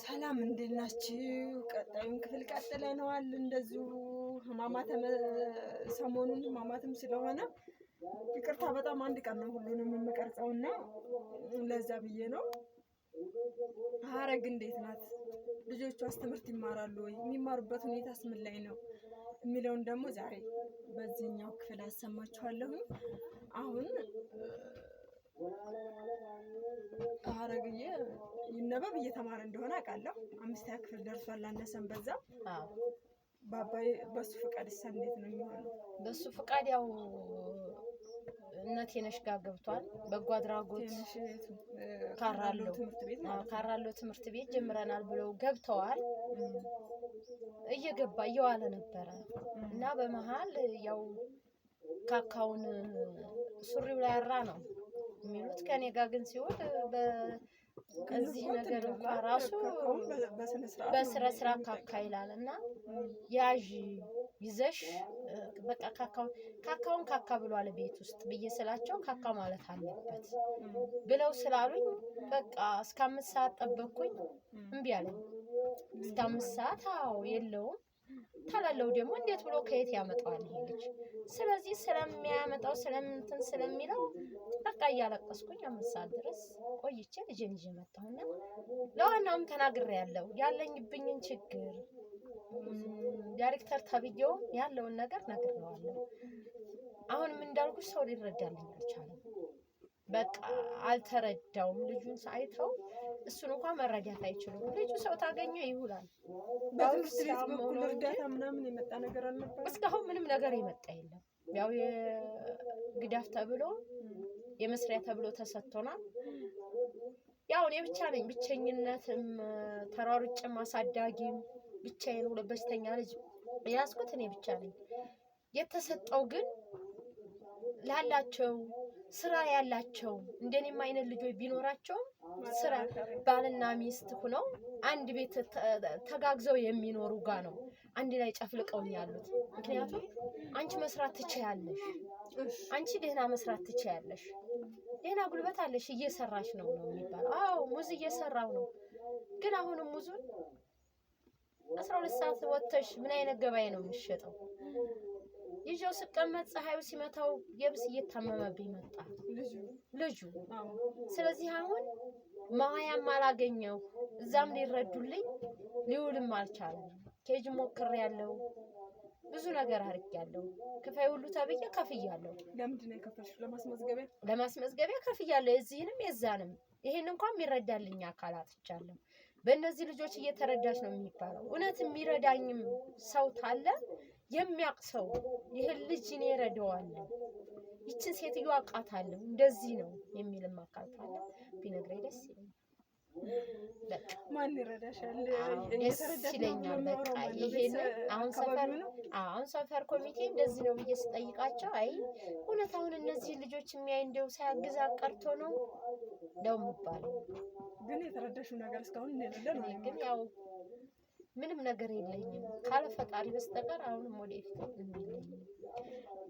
ሰላም እንዴት ናችሁ? ቀጣዩን ክፍል ቀጥለነዋል። እንደዚሁ ህማማት ሰሞኑን ህማማትም ስለሆነ ይቅርታ፣ በጣም አንድ ቀን ነው ሁሉንም የምቀርጸው እና ለዛ ብዬ ነው። ሀረግ እንዴት ናት? ልጆቿስ ትምህርት ይማራሉ ወይ? የሚማሩበት ሁኔታስ ምን ላይ ነው የሚለውን ደግሞ ዛሬ በዚህኛው ክፍል አሰማችኋለሁ። አሁን ሐረግዬ ይነበብ እየተማረ እንደሆነ አውቃለሁ። አምስተኛ ክፍል ደርሷል አነሰም በዛም በአባይ በሱ ፍቃድ እሳ እንዴት ነው የሚሆነው? በሱ ፍቃድ ያው እነቴ ነሽ ጋር ገብቷል። በጎ አድራጎት ካራሎ ትምህርት ቤት ጀምረናል ብለው ገብተዋል። እየገባ እየዋለ ነበረ እና በመሀል ያው ካካውን ሱሪው ላይ አራ ነው የሚሉት ከኔ ጋር ግን ሲሆን በዚህ ነገር እንኳ ራሱ በስነ ስርዓት ካካ ይላል እና ያዥ ይዘሽ በቃ ካካውን ካካውን ካካ ብሏል ቤት ውስጥ ብዬ ስላቸው ካካ ማለት አለበት ብለው ስላሉኝ በቃ እስከ አምስት ሰዓት ጠበኩኝ። እምቢ አለኝ። እስከ አምስት ሰዓት አዎ የለውም ከሌለው ደግሞ እንዴት ብሎ ከየት ያመጣዋል ይሄ ልጅ? ስለዚህ ስለሚያመጣው ስለምንትን ስለሚለው በቃ እያለቀስኩኝ አምስት ሰዓት ድረስ ቆይቼ ልጄን ይዤ መጣሁና ለዋናውም ያለው ያለኝብኝን ችግር ዳይሬክተር ተብዬውም ያለውን ነገር ነግሬዋለሁ። አሁንም እንዳልኩሽ ሰው ሊረዳልኝ አልቻለም። በቃ አልተረዳውም ልጁን ሳይተው እሱን እንኳን መረዳት አይችሉም። ልጁ ሰው ታገኘ ይውላል። በትምህርት ቤት በኩል እርዳታ ምናምን የመጣ ነገር አልነበረ። እስካሁን ምንም ነገር የመጣ የለም። ያው የግዳፍ ተብሎ የመስሪያ ተብሎ ተሰጥቶናል። ያው እኔ ብቻ ነኝ ብቸኝነትም፣ ተሯሩጭም፣ አሳዳጊም ብቻዬን ሁለት በሽተኛ ልጅ የያዝኩት እኔ ብቻ ነኝ። የተሰጠው ግን ላላቸው ስራ ያላቸው እንደኔም አይነት ልጆች ቢኖራቸውም ስራ ባልና ሚስት ሁነው አንድ ቤት ተጋግዘው የሚኖሩ ጋ ነው አንድ ላይ ጨፍልቀውን ያሉት። ምክንያቱም አንቺ መስራት ትችያለሽ፣ አንቺ ደህና መስራት ትችያለሽ፣ ደህና ጉልበት አለሽ፣ እየሰራሽ ነው ነው የሚባለው። አዎ ሙዝ እየሰራው ነው። ግን አሁንም ሙዙን አስራ ሁለት ሰዓት ወጥተሽ ምን አይነት ገበያ ነው የሚሸጠው? ይዤው ስቀመጥ ፀሐዩ ሲመታው የብስ እየታመመብኝ መጣ ልጁ። ስለዚህ አሁን ማያም አላገኘው እዛም ሊረዱልኝ ሊውልም አልቻለም። ኬጅ ሞክር ያለው ብዙ ነገር ያለው ክፋይ ሁሉ ተብዬ ከፍያለሁ። ለማስመዝገቢያ ለማስመዝገቢያ ከፍያለሁ። የዚህንም የዛንም ይሄን እንኳን የሚረዳልኝ አካል አጥቻለሁ። በእነዚህ ልጆች እየተረዳች ነው የሚባለው። እውነት የሚረዳኝም ሰው ታለ የሚያውቅ ሰው ይህን ልጅ እኔ እረዳዋለሁ፣ ይችን ሴትዮ አውቃታለሁ፣ እንደዚህ ነው የሚልም አካታለ ቢነግረኝ ደስ ይለኛል። ማን ይረዳሻል? በቃ ይሄን አሁን ሰፈር አሁን ሰፈር ኮሚቴ እንደዚህ ነው ብዬ ስጠይቃቸው አይ እውነት አሁን እነዚህ ልጆች የሚያይ እንደው ሳያግዝ ቀርቶ ነው እንደው የሚባለው ግን የተረዳሽው ነገር እስካሁን እንደሌለ ግን ያው ምንም ነገር የለኝም ካለ ፈጣሪ በስተቀር አሁንም ወደፊት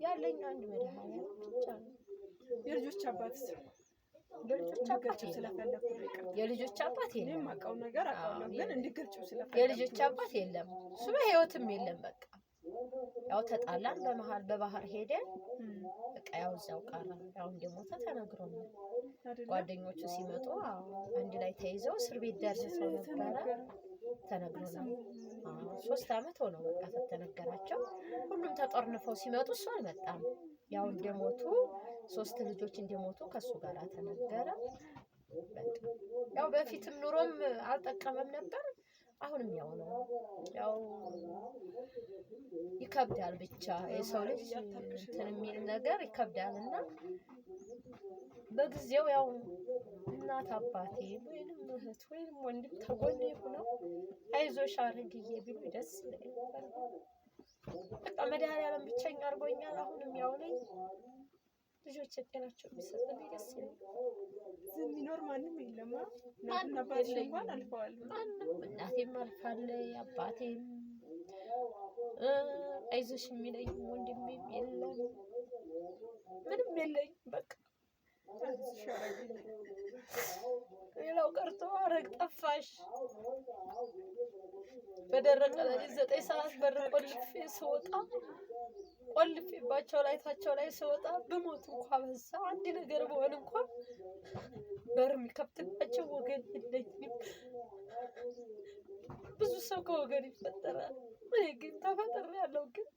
ያለኝ አንድ መድኃኒዓለም ብቻ ነው። የልጆች አባት የልጆች አባት የለም። የማውቀው ነገር አውቃለሁ፣ ግን እንዲገልጭው ስለፈለኩ የልጆች አባት የለም። እሱ በህይወትም የለም። በቃ ያው ተጣላን፣ በመሀል በባህር ሄደን በቃ ያው እዛው ቀረ። ያው እንደሞተ ተነግሮ ነው ጓደኞቹ ሲመጡ አንድ ላይ ተይዘው እስር ቤት ደርሰው ነበረ ተነግሮናል። ሶስት አመት ሆነው በቃ ተነገራቸው። ሁሉም ተጠርንፈው ሲመጡ እሱ አልመጣም። ያው እንደሞቱ ሶስት ልጆች እንደሞቱ ከእሱ ጋር ተነገረ። ያው በፊትም ኑሮም አልጠቀመም ነበር። አሁንም ያው ነው። ያው ይከብዳል ብቻ የሰው ልጅ እንትን የሚል ነገር ይከብዳል እና በጊዜው ያው እናት አባቴ ወይንም እህት ወይንም ወንድም ተጎን ሆነው አይዞሽ አረግዬ ቢሉ ደስ ይለኛል። በቃ መድኃኒዓለም ብቸኛ አድርጎኛል። አሁንም ያው ነኝ። ልጆች ጤናቸው የሚሰጥን ደስ ይላል። የሚኖር ማንም የለም። እናባሽ እንኳን አልፈዋል። እናቴም አልፋለች፣ አባቴም አይዞሽ የሚለኝ ወንድሜም የለም፣ ምንም የለኝ በቃ ሌላው ቀርቶ አረግ ጠፋሽ። በደረቀ ሌሊት ዘጠኝ ሰዓት በር ቆልፌ ስወጣ ቆልፌባቸው ላይ ታቸው ላይ ስወጣ በሞት እንኳ በዛ አንድ ነገር በሆን እንኳ በር የሚከፍትላቸው ወገን የለኝም። ብዙ ሰው ከወገን ይፈጠራል። እኔ ግን ተፈጥሬ ያለው ግን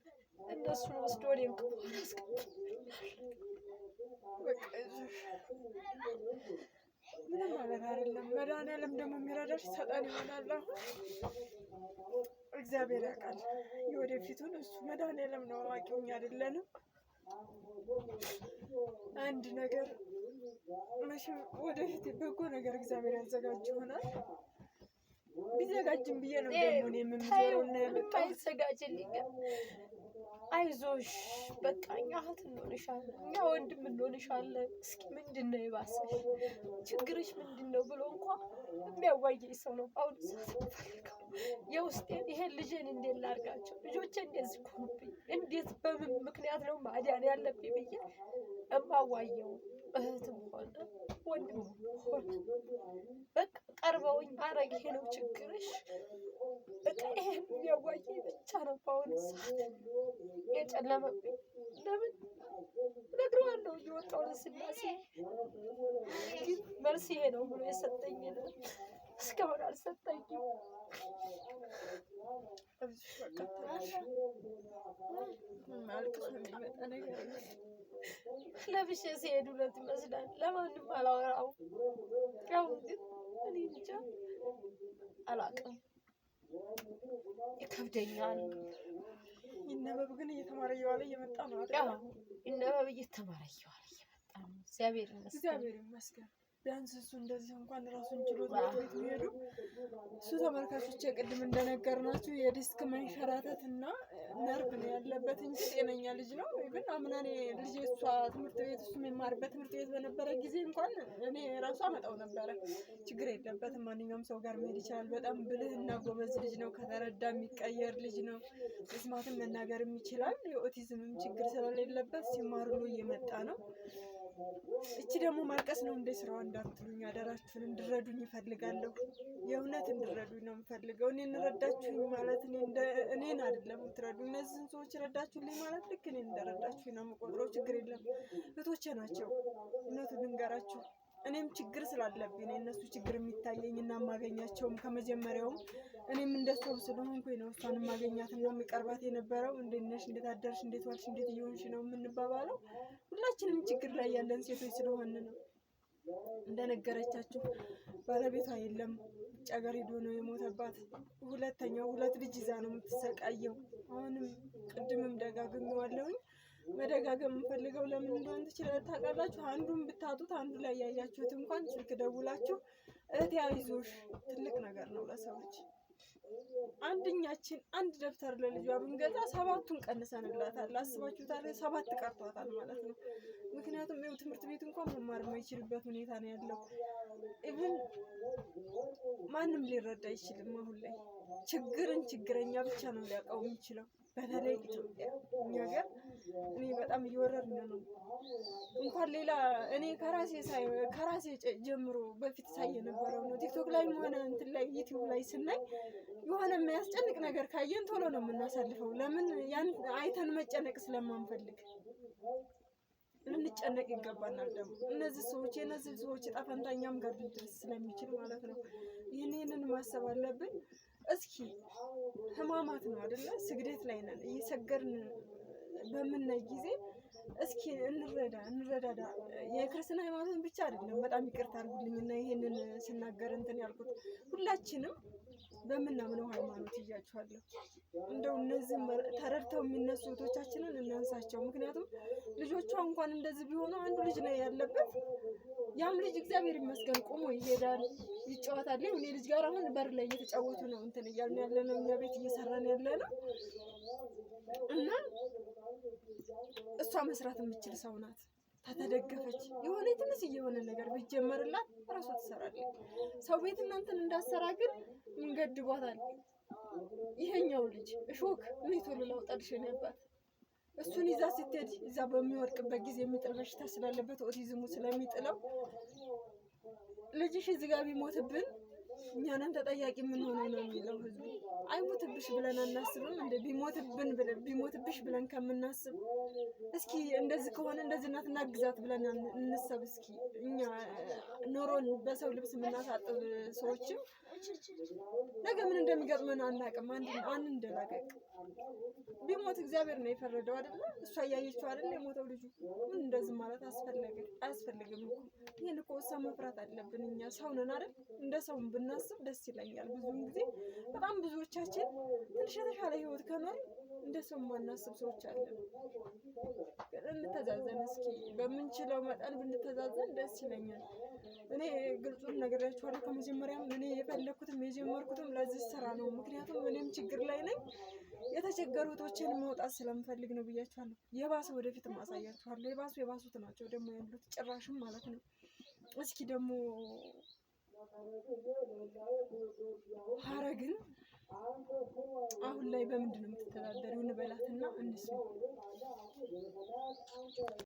እነሱን ወስዶ እኔን ክፉ አላስቀምጥም። ምንም ማለት አይደለም። መድኃኒዓለም ደግሞ የሚረዳሽ ሰጠን ይሆናል። እግዚአብሔር ያውቃል የወደፊቱን እሱ መድኃኒዓለም ነው አዋቂው፣ እኛ አይደለንም። አንድ ነገር መቼም ወደፊት በጎ ነገር እግዚአብሔር ያዘጋጅ ይሆናል። ቢዘጋጅም ብዬ ነው ደግሞ እኔ የምንዘረው እና የመጣ አይዞሽ በቃ እኛ እህት እንሆንሻለን፣ እኛ ወንድም እንሆንሻለን። እስኪ ምንድን ነው የባሰሽ ችግርሽ ምንድን ነው ብሎ እንኳ የሚያዋየኝ ሰው ነው በአሁኑ ሰዓት የምፈልገው። የውስጤን ይሄን ልጄን እንዴት ላድርጋቸው፣ ልጆቼ እንደዚህ እኮ እንዴት በምን ምክንያት ነው ማዲያን ያለብኝ ብዬ እማዋየው እህትም ሆነ ወንድም ሆነ በቃ ቀርበውኝ አረግ ይሄ ነው ችግርሽ ይሄን የሚያዋቂ ብቻ ነው። በአሁኑ ሰዓት የጨለመብኝ ለምን እነግረዋለሁ እየወጣሁ ለስላሴ ግን መልስ ይሄ ነው ብሎ የሰጠኝ የለም እስካሁን አልሰጠኝም። ለብሼ ሲሄድ እውነት ይመስላል። ለማንም አላወራው ያው ግን እኔ ብቻ አላውቅም። ይከብደኛል። ይነበብ ግን እየተማረ እየዋለ እየመጣ ነው። ይነበብ እየተማረ እየዋለ እየመጣ ነው። እግዚአብሔር ይመስገን። ቢያንስ እሱ እንደዚህ እንኳን ራሱን ችሎ ቤት እሱ ተመልካቾች ቅድም እንደነገርናችሁ የዲስክ መንሸራተት እና ነርቭ ነው ያለበት እንጂ ጤነኛ ልጅ ነው። ግን አምና እኔ ልጄ እሷ ትምህርት ቤት እሱ የሚማርበት ትምህርት ቤት በነበረ ጊዜ እንኳን እኔ ራሱ አመጣው ነበረ። ችግር የለበትም፣ ማንኛውም ሰው ጋር መሄድ ይችላል። በጣም ብልህና ጎበዝ ልጅ ነው። ከተረዳ የሚቀየር ልጅ ነው። መስማትም መናገርም ይችላል። የኦቲዝምም ችግር ስለሌለበት ሲማር ብሎ እየመጣ ነው። እቺ ደግሞ ማልቀስ ነው እንደ ስራዋ እንዳትሉኝ፣ አደራችሁን እንድረዱኝ ይፈልጋለሁ። የእውነት እንድረዱኝ ነው የምፈልገው። እኔ እንረዳችሁኝ ማለት እኔን አይደለም ትረዱ እነዚህን ሰዎች ረዳችሁልኝ ማለት ልክ እኔ እንደረዳ እንዳወጣችሁ ነው የምቆጥረው። ችግር የለም እህቶቼ ናቸው። እውነቱ ልንገራችሁ እኔም ችግር ስላለብኝ የእነሱ ችግር የሚታየኝ እና የማገኛቸውም ከመጀመሪያውም እኔም እንደሰው ስለሆንኩኝ ነው እሷን እና የሚቀርባት የነበረው እንዴት ነሽ፣ እንዴት አደርሽ፣ እንዴት ዋልሽ፣ እንዴት እየሆንሽ ነው የምንባባለው። ሁላችንም ችግር ላይ ያለን ሴቶች ስለሆን ነው። እንደነገረቻችሁ ባለቤቷ የለም፣ ውጭ ሀገር ሄዶ ነው የሞተባት። ሁለተኛው ሁለት ልጅ ይዛ ነው የምትሰቃየው። አሁንም ቅድምም ደጋግሜዋለሁኝ። መደጋገም የምፈልገው ለምን እንደሆነ ትችላል ታውቃላችሁ። አንዱን ብታጡት አንዱ ላይ ያያችሁት እንኳን ስልክ ደውላችሁ እህቴ አይዞሽ ትልቅ ነገር ነው ለሰዎች። አንደኛችን አንድ ደብተር ለልጇ ብንገዛ ሰባቱን ቀንሰንላታል። አስባችሁታል? ሰባት ቀርቷታል ማለት ነው። ምክንያቱም ይኸው ትምህርት ቤት እንኳን መማር የማይችልበት ሁኔታ ነው ያለው። ኢቭን ማንም ሊረዳ አይችልም። አሁን ላይ ችግርን ችግረኛ ብቻ ነው ሊያውቀው የሚችለው። በተለይ ኢትዮጵያ ጋር እኔ በጣም እየወረድን ነው። እንኳን ሌላ እኔ ከራሴ ከራሴ ጀምሮ በፊት ሳይ የነበረው ነው። ቲክቶክ ላይ ሆነ እንትን ላይ ዩቲዩብ ላይ ስናይ የሆነ የሚያስጨንቅ ነገር ካየን ቶሎ ነው የምናሳልፈው። ለምን ያን አይተን መጨነቅ ስለማንፈልግ ልንጨነቅ ይገባናል። ደግሞ እነዚህ ሰዎች የነዚህ ሰዎች እጣ ፈንታኛም ጋር ሊደርስ ስለሚችል ማለት ነው። ይህን ይህንን ማሰብ አለብን። እስኪ ህማማት ነው አይደለ? ስግደት ላይ ነን፣ እየሰገርን በምናይ ጊዜ እስኪ እንረዳ እንረዳዳ። የክርስትና ሃይማኖትን ብቻ አይደለም፣ በጣም ይቅርታ እና ይሄንን ስናገር እንትን ያልኩት ሁላችንም በምናምነው ሃይማኖት እያችኋለሁ። እንደው እነዚህ ተረድተው የሚነሱ እህቶቻችንን እናንሳቸው። ምክንያቱም ልጆቿ እንኳን እንደዚህ ቢሆኑ አንዱ ልጅ ነው ያለበት። ያም ልጅ እግዚአብሔር ይመስገን ቆሞ ይሄዳል፣ ይጫወታል። እኔ ልጅ ጋር አሁን በር ላይ እየተጫወቱ ነው እንትን እያልን ያለ ነው፣ እኛ ቤት እየሰራን ያለ ነው እና እሷ መስራት የምችል ሰው ናት። ተተደገፈች የሆነ ትንሽ እየሆነ ነገር ቢጀመርላት እራሷ ትሰራለች። ሰው ቤት እናንተን እንዳሰራ ግን እንገድቧታል። ይሄኛው ልጅ እሾክ እኔ ቶሎ ላውጣልሽ ነበር እሱን ይዛ ስትሄድ እዛ በሚወድቅበት ጊዜ የሚጥል በሽታ ስላለበት ኦቲዝሙ ስለሚጥለው ልጅሽ እዚህ ጋር ቢሞትብን እኛንን ተጠያቂ የምንሆነው ነው የሚለው ህዝቡ። አይሞትብሽ ብለን አናስብም እንደ ቢሞትብን ቢሞትብሽ ብለን ከምናስብ እስኪ እንደዚህ ከሆነ እንደዚህ እናት እናግዛት ብለን እንሰብ እስኪ እኛ ኖሮን በሰው ልብስ የምናሳጥብ ሰዎችም ነገ ምን እንደሚገጥመን አናቅም። አንድ እንደላቀቅ ቢሞት እግዚአብሔር ነው የፈረደው አይደለ? እሷ እያየችው አይደለ? የሞተው ልጁ ምን እንደዚህ ማለት አስፈለገ? አያስፈልግም እኮ ይህን እኮ ሰው መፍራት አለብን እኛ ሰው ነን አይደል? እንደ ሰውም ብና ብናስብ ደስ ይለኛል። ብዙውን ጊዜ በጣም ብዙዎቻችን ትንሽ የተሻለ ህይወት ከኖር እንደ ሰው ማናስብ ሰዎች አለን። እንተዛዘን እስኪ በምንችለው መጠን ብንተዛዘን ደስ ይለኛል። እኔ ግልጹን ነግሬያችኋለሁ ከመጀመሪያም እኔ የፈለግኩትም የጀመርኩትም ለዚህ ስራ ነው። ምክንያቱም እኔም ችግር ላይ ነኝ። የተቸገሩ መውጣት ስለምፈልግ ነው ብያችኋለሁ። የባሰ ወደፊት ማሳያችኋለሁ። የባሱ የባሱት ናቸው ደግሞ ያሉት ጭራሽም ማለት ነው። እስኪ ደግሞ ሀረግን አሁን ላይ በምንድን ነው የምትተዳደሪው? እንበላትና እንስማ።